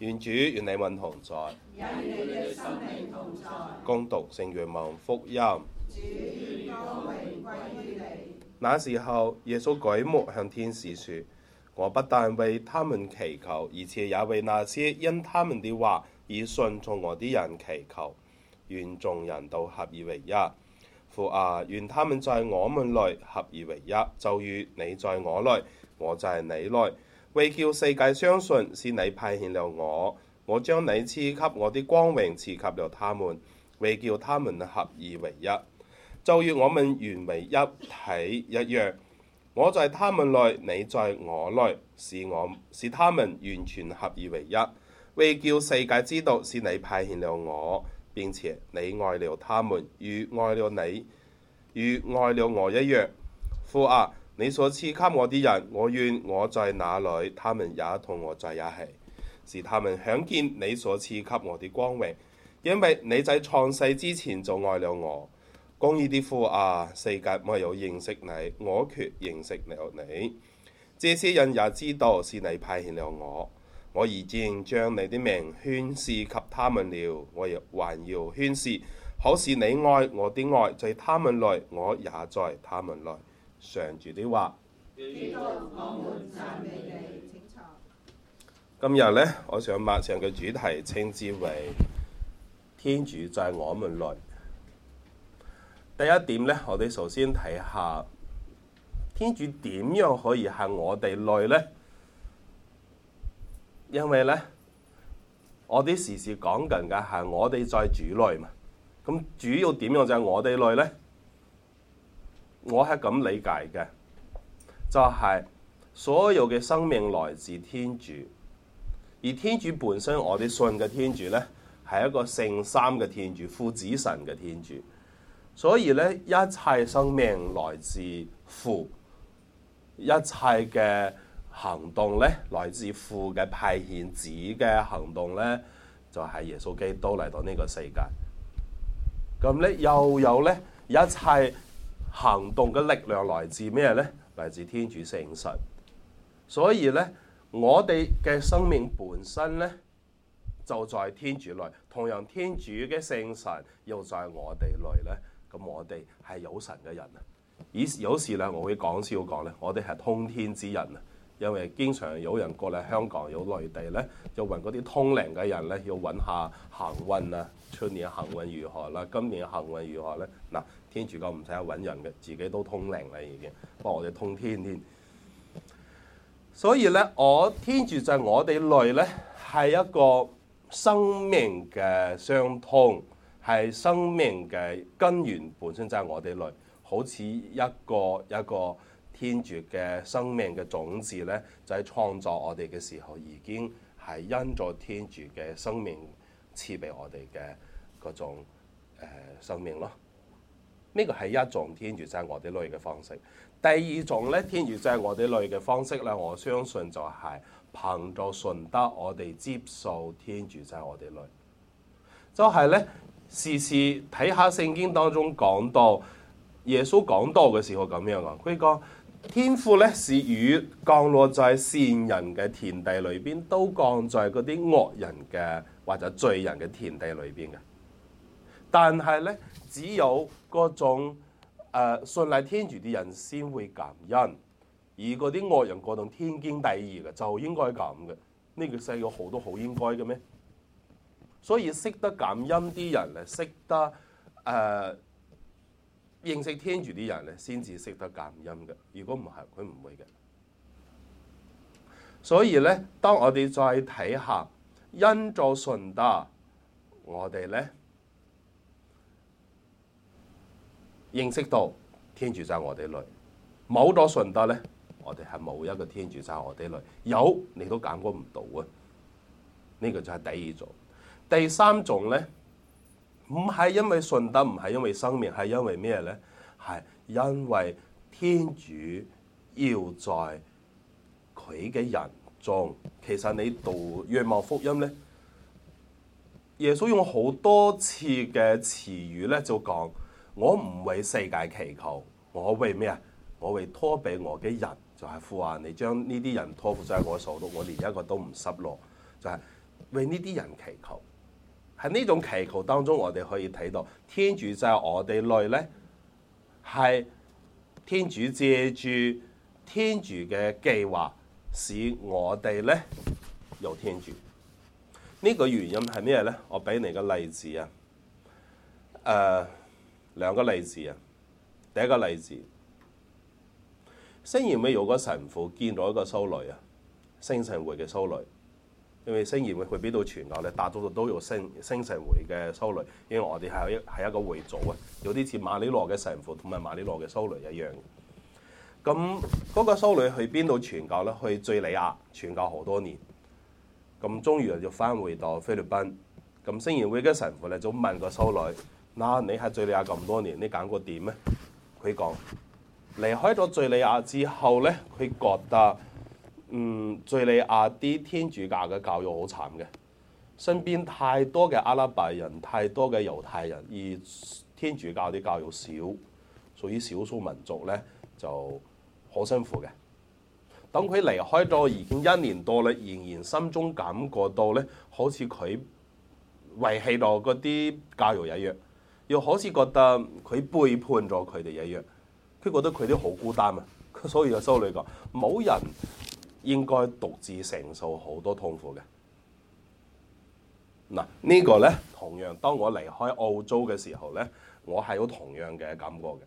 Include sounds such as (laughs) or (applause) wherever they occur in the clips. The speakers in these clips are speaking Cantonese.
願主與你們同在，引你的生命同在，恭讀聖若望福音。那時候，耶穌舉目向天使説：我不但為他們祈求，而且也為那些因他們的話而信從我的人祈求。願眾人都合而為一。父啊，願他們在我們內合而為一，就如你在我內，我在你內。為叫世界相信是你派遣了我，我將你賜給我的光榮賜給了他們，為叫他們合而為一，就如我們原為一體一樣。我在他們內，你在我內，是我是他們完全合而為一。為叫世界知道是你派遣了我，並且你愛了他們，如愛了你，如愛了我一樣。父啊、啊。你所賜給我啲人，我願我在那裏，他們也同我在一起，是他們享見你所賜給我啲光榮，因為你在創世之前就愛了我。公義的父啊，世界沒有認識你，我卻認識了你。這些人也知道是你派遣了我，我已經將你的名宣示給他們了，我亦還要宣示。可是你愛我的愛，在他們內，我也在他們內。常住啲話，今日咧，我想擘上嘅主題稱之為天主在我們內。第一點咧，我哋首先睇下天主點樣可以喺我哋內咧？因為咧，我哋時時講緊嘅係我哋在主內嘛。咁主要點樣就係我哋內咧？我係咁理解嘅，就係、是、所有嘅生命來自天主，而天主本身，我哋信嘅天主咧，係一個聖三嘅天主，父子神嘅天主。所以咧，一切生命來自父，一切嘅行動咧，來自父嘅派遣，子嘅行動咧就係、是、耶穌基督嚟到呢個世界。咁咧又有咧一切。行動嘅力量來自咩呢？來自天主聖神。所以呢，我哋嘅生命本身呢，就在天主內。同樣，天主嘅聖神又在我哋內呢。咁我哋係有神嘅人啊！以有時咧，我會講笑講呢，我哋係通天之人啊！因為經常有人過嚟香港，有內地呢，就揾嗰啲通靈嘅人呢，要揾下行運啊，出年行運如何啦？今年行運如何呢？嗱。天主教唔使揾人嘅，自己都通靈啦，已經不過我哋通天天，所以咧，我天主就喺我哋內咧，係一個生命嘅相通，係生命嘅根源本身就喺我哋內。好似一個一個天主嘅生命嘅種子咧，就喺創造我哋嘅時候已經係因咗天主嘅生命賜俾我哋嘅嗰種、呃、生命咯。呢個係一種天主在我哋內嘅方式。第二種咧，天主在我哋內嘅方式咧，我相信就係憑到順德，我哋接受天主在我哋內。就係咧，時時睇下聖經當中講到耶穌講道嘅時候咁樣咯。佢講天父咧是雨降落在善人嘅田地裏邊，都降在嗰啲惡人嘅或者罪人嘅田地裏邊嘅。但係咧，只有嗰種誒信賴天主啲人先會感恩，而嗰啲外人嗰種天經地義嘅，就應該咁嘅。呢、呢個世界好都好應該嘅咩？所以識得感恩啲人咧，識得誒、呃、認識天主啲人咧，先至識得感恩嘅。如果唔係，佢唔會嘅。所以咧，當我哋再睇下因做順德，我哋咧。認識到天主在我哋內，冇咗順德咧，我哋係冇一個天主在我哋內。有你都感覺唔到啊！呢、這個就係第二種，第三種咧，唔係因為順德，唔係因為生命，係因為咩咧？係因為天主要在佢嘅人中。其實你讀若望福音咧，耶穌用好多次嘅詞語咧，就講。我唔為世界祈求，我為咩啊？我為託俾我嘅人，就係呼話你將呢啲人托付在我手度，我連一個都唔失落。就係、是、為呢啲人祈求。喺呢種祈求當中，我哋可以睇到天主就係我哋內咧，係天主借住天主嘅計劃，使我哋咧有天主。呢、這個原因係咩咧？我俾你個例子啊，誒、呃。兩個例子啊，第一個例子，聖言會有個神父見到一個修女啊，聖神會嘅修女，因為聖言會去邊度傳教咧，大多數都有聖聖神，神會嘅修女，因為我哋係一係一個會祖啊，有啲似瑪利諾嘅神父同埋瑪利諾嘅修女一樣。咁嗰、那個修女去邊度傳教咧？去敍利亞傳教好多年，咁終於就返回到菲律賓，咁聖言會嘅神父咧就問個修女。嗱，你喺敍利亞咁多年，你揀過點呢？佢講，離開咗敍利亞之後呢，佢覺得嗯敍利亞啲天主教嘅教育好慘嘅，身邊太多嘅阿拉伯人，太多嘅猶太人，而天主教啲教育少，屬於少數民族呢就好辛苦嘅。等佢離開咗已經一年多咧，仍然心中感覺到呢，好似佢遺棄咗嗰啲教育一樣。又好似覺得佢背叛咗佢哋一樣，佢覺得佢都好孤單啊，所以就收你講，冇人應該獨自承受好多痛苦嘅。嗱、這個，呢個咧，同樣當我離開澳洲嘅時候咧，我係有同樣嘅感覺嘅。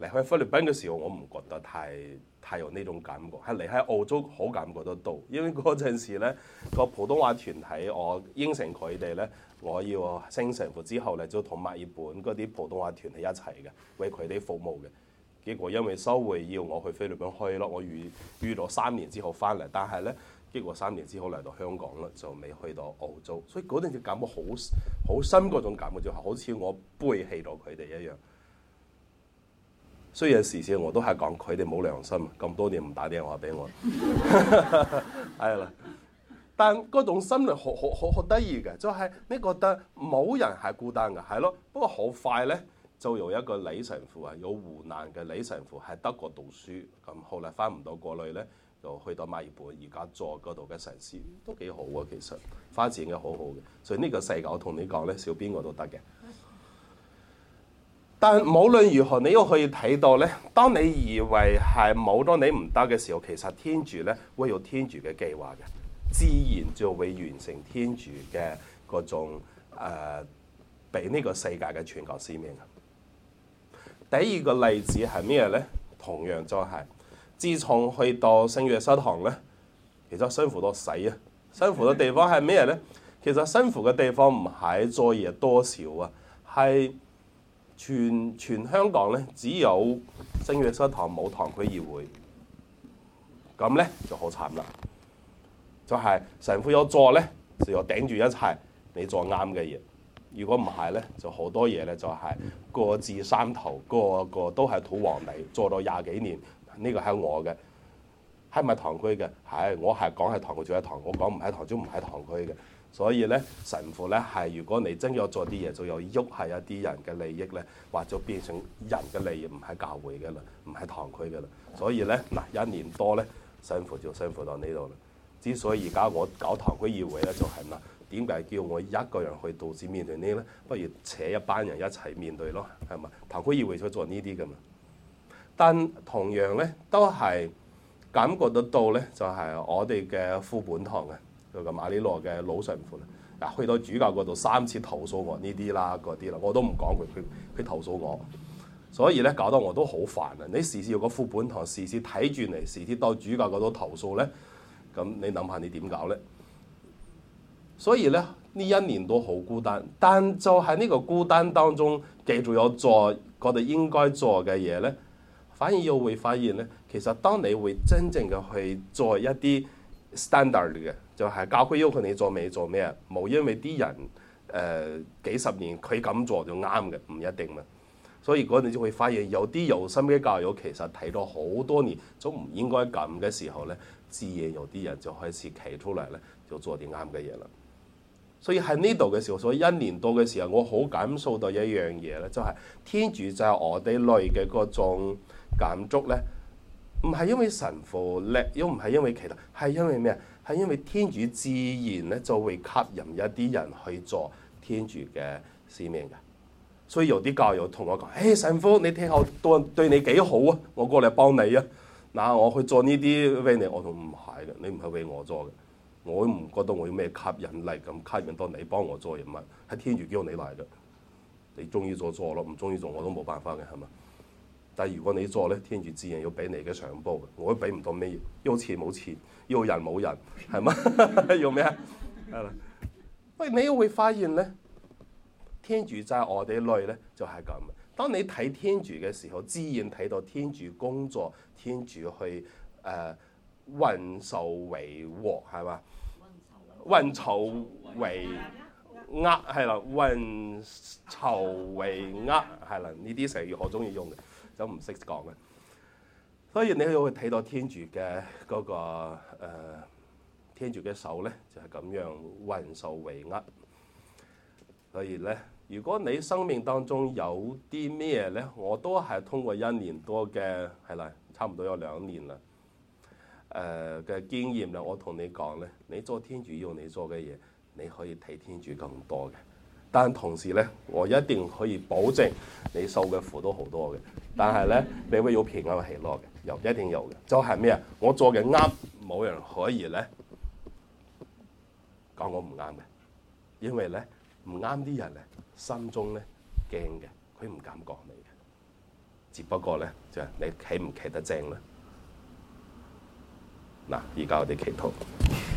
嚟喺菲律賓嘅時候，我唔覺得太太有呢種感覺，係嚟喺澳洲好感覺得到。因為嗰陣時咧，個普通話團體，我應承佢哋呢，我要升成副之後呢，就同馬來本嗰啲普通話團體一齊嘅，為佢哋服務嘅。結果因為收會要我去菲律賓開咯，我預預咗三年之後翻嚟，但係呢，結果三年之後嚟到香港啦，就未去到澳洲，所以嗰陣時感覺好好深嗰種感覺，就好似我背棄咗佢哋一樣。雖然時時我都係講佢哋冇良心，咁多年唔打電話俾我，係 (laughs) 啦。但個種心咧，好好好好得意嘅，就係、是、你覺得冇人係孤單嘅，係咯。不過好快咧，就由一個李神父啊，有湖南嘅李神父喺德國讀書，咁後來翻唔到國內咧，就去到馬來半，而家做嗰度嘅神師，都幾好喎。其實發展嘅好好嘅，所以呢個世界我同你講咧，小邊個都得嘅。但無論如何，你都可以睇到咧。當你以為係冇，當你唔得嘅時候，其實天主咧會有天主嘅計劃嘅，自然就會完成天主嘅嗰種誒俾呢個世界嘅全球使命。第二個例子係咩咧？同樣就係、是、自從去到聖約瑟堂咧，其實辛苦到死啊！辛苦嘅地方係咩咧？其實辛苦嘅地方唔係在嘢多少啊，係。全全香港咧只有聖約瑟堂冇堂區議會，咁咧就好慘啦。就係、就是、神父有座咧，就頂住一齊你做啱嘅嘢。如果唔係咧，就好多嘢咧就係各自三頭，個個都係土皇帝，坐到廿幾年。呢、這個係我嘅，係咪堂區嘅？係，我係講係堂佢做係堂我講唔係堂區，唔係堂區嘅。所以咧，神父咧係，如果你真要做啲嘢，就有喐係一啲人嘅利益咧，或者變成人嘅利益，唔喺教會噶啦，唔喺堂區噶啦。所以咧，嗱一年多咧，神父就辛苦到呢度啦。之所以而家我搞堂區議會咧，就係嗱，點解叫我一個人去導致面對呢咧？不如扯一班人一齊面對咯，係嘛？堂區議會就做呢啲噶嘛。但同樣咧，都係感覺得到咧，就係我哋嘅副本堂嘅。就個馬利諾嘅老神父啦，嗱去到主教嗰度三次投訴我呢啲啦嗰啲啦，我都唔講佢，佢佢投訴我，所以咧，搞到我都好煩啊！你時時要個副本堂，時時睇住你，時時到主教嗰度投訴咧，咁你諗下你點搞咧？所以咧呢一年都好孤單，但就喺呢個孤單當中，記住有做我哋應該做嘅嘢咧，反而又會發現咧，其實當你會真正嘅去做一啲。Standard 嘅就係、是、教區要求你做咩做咩，冇因為啲人誒、呃、幾十年佢咁做就啱嘅，唔一定嘛。所以嗰時你就會發現有啲有心嘅教友其實睇咗好多年都唔應該咁嘅時候咧，自然有啲人就開始企出嚟咧，就做啲啱嘅嘢啦。所以喺呢度嘅時候，所以一年到嘅時候，我好感受到一樣嘢咧，就係、是、天主就係我哋內嘅嗰種感觸咧。唔係因為神父叻，又唔係因為其他，係因為咩啊？係因為天主自然咧就會吸引一啲人去做天主嘅使命嘅。所以有啲教友同我講：誒神父，你聽後對對你幾好你啊？我過嚟幫你啊！嗱，我去做呢啲為你，我同唔係嘅。你唔係為我做嘅，我唔覺得我要咩吸引力咁吸引到你幫我做嘢乜？係天主叫你嚟嘅，你中意做就做咯，唔中意做，做我都冇辦法嘅，係嘛？但係如果你做咧，天主自然要俾你嘅賞報，我都俾唔到咩？要錢冇錢，要人冇人，係嘛？要咩啊？係啦，喂，你又會發現咧，天主就在我哋內咧就係咁。當你睇天主嘅時候，自然睇到天主工作，天主去誒運籌帷幄，係、呃、嘛？運籌帷幄，係啦，運籌帷幄，係啦，呢啲成語我中意用嘅。都唔識講嘅，所以你會睇到天主嘅嗰、那個、呃、天主嘅手咧就係、是、咁樣運籌帷幄。所以咧，如果你生命當中有啲咩咧，我都係通過一年多嘅係啦，差唔多有兩年啦，誒、呃、嘅經驗啦，我同你講咧，你做天主要你做嘅嘢，你可以睇天主咁多嘅。但同時咧，我一定可以保證你受嘅苦都好多嘅。但係咧，你會有平安喜樂嘅，有一定有嘅。就係咩啊？我做嘅啱，冇人可以咧講我唔啱嘅，因為咧唔啱啲人咧心中咧驚嘅，佢唔敢講你嘅。只不過咧就係、是、你企唔企得正咧。嗱，而家我哋祈禱。